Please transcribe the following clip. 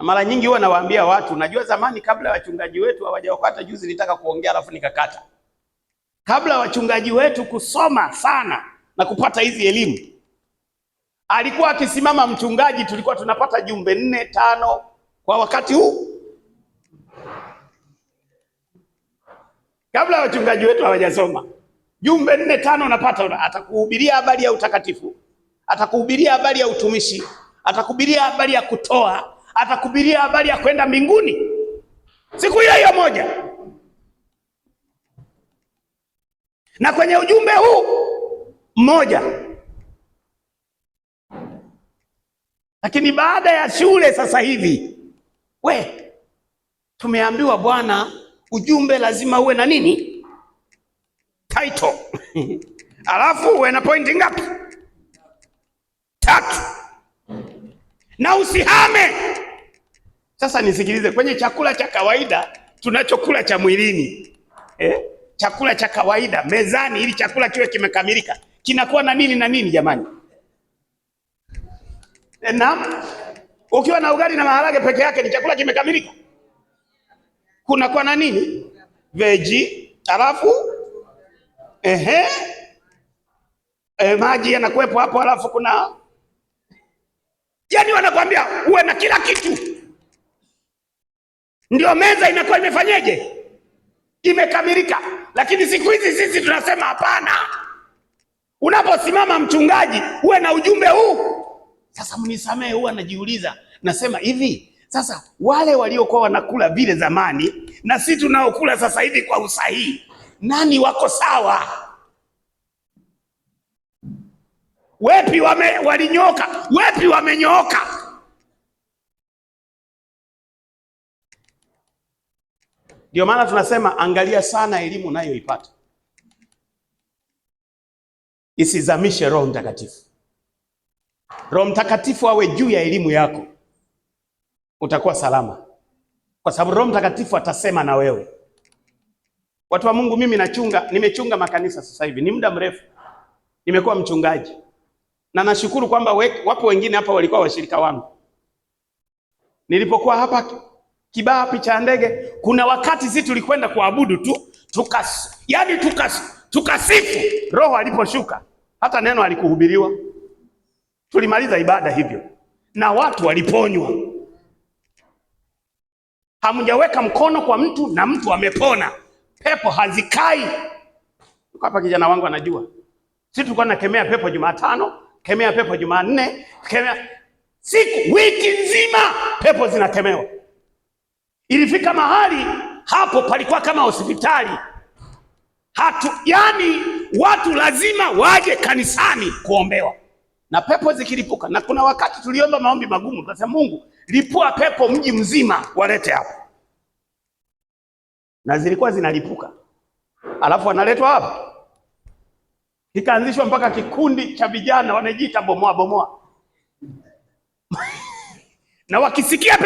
Na mara nyingi huwa nawaambia watu, najua zamani kabla wachungaji wetu hawajaokata juzi nitaka kuongea alafu nikakata. Kabla wachungaji wetu kusoma sana na kupata hizi elimu, alikuwa akisimama mchungaji, tulikuwa tunapata jumbe nne tano kwa wakati huu. Kabla wachungaji wetu hawajasoma, jumbe nne tano unapata, atakuhubiria habari ya utakatifu, atakuhubiria habari ya utumishi, atakuhubiria habari ya kutoa atakubiria habari ya kwenda mbinguni siku hiyo hiyo moja. Na kwenye ujumbe huu mmoja, lakini baada ya shule sasa hivi we tumeambiwa bwana, ujumbe lazima uwe na nini? Title alafu uwe na pointi ngapi? Tatu, na usihame sasa nisikilize, kwenye chakula cha kawaida tunachokula cha mwilini eh? chakula cha kawaida mezani, ili chakula kiwe kimekamilika, kinakuwa na nini na nini jamani? E, Ukiwa na ugali na maharage peke yake ni chakula kimekamilika? Kunakuwa na nini? Veji halafu ehe, e, maji yanakuwepo hapo, halafu kuna yaani, wanakwambia uwe na kila kitu ndio meza inakuwa imefanyeje, imekamilika. Lakini siku hizi sisi tunasema hapana. Unaposimama mchungaji, uwe na ujumbe huu. Sasa mnisamehe, huwa najiuliza nasema hivi sasa, wale waliokuwa wanakula vile zamani na sisi tunaokula sasa hivi kwa usahihi, nani wako sawa? Wepi wame, walinyoka, wepi wamenyooka? Ndio maana tunasema angalia sana elimu unayoipata isizamishe Roho Mtakatifu. Roho Mtakatifu awe juu ya elimu yako, utakuwa salama, kwa sababu Roho Mtakatifu atasema na wewe. Watu wa Mungu, mimi nachunga, nimechunga makanisa sasa hivi ni muda mrefu, nimekuwa mchungaji na nashukuru kwamba wapo wengine hapa walikuwa washirika wangu nilipokuwa hapa Kibapi cha ndege. Kuna wakati sisi tulikwenda kuabudu tu tukas, yani tukas, tukasifu Roho aliposhuka, hata neno alikuhubiriwa. Tulimaliza ibada hivyo na watu waliponywa. Hamjaweka mkono kwa mtu na mtu amepona, pepo hazikai. Hapa kijana wangu anajua, sisi tulikuwa nakemea pepo Jumatano, kemea pepo Jumanne, kemea siku wiki nzima, pepo zinakemewa. Ilifika mahali hapo palikuwa kama hospitali hatu, yani watu lazima waje kanisani kuombewa na pepo zikilipuka. Na kuna wakati tuliomba maombi magumu, tukasema Mungu, lipua pepo mji mzima walete hapo, na zilikuwa zinalipuka, alafu wanaletwa hapo. Kikaanzishwa mpaka kikundi cha vijana wanajiita bomoa bomoa na wakisikia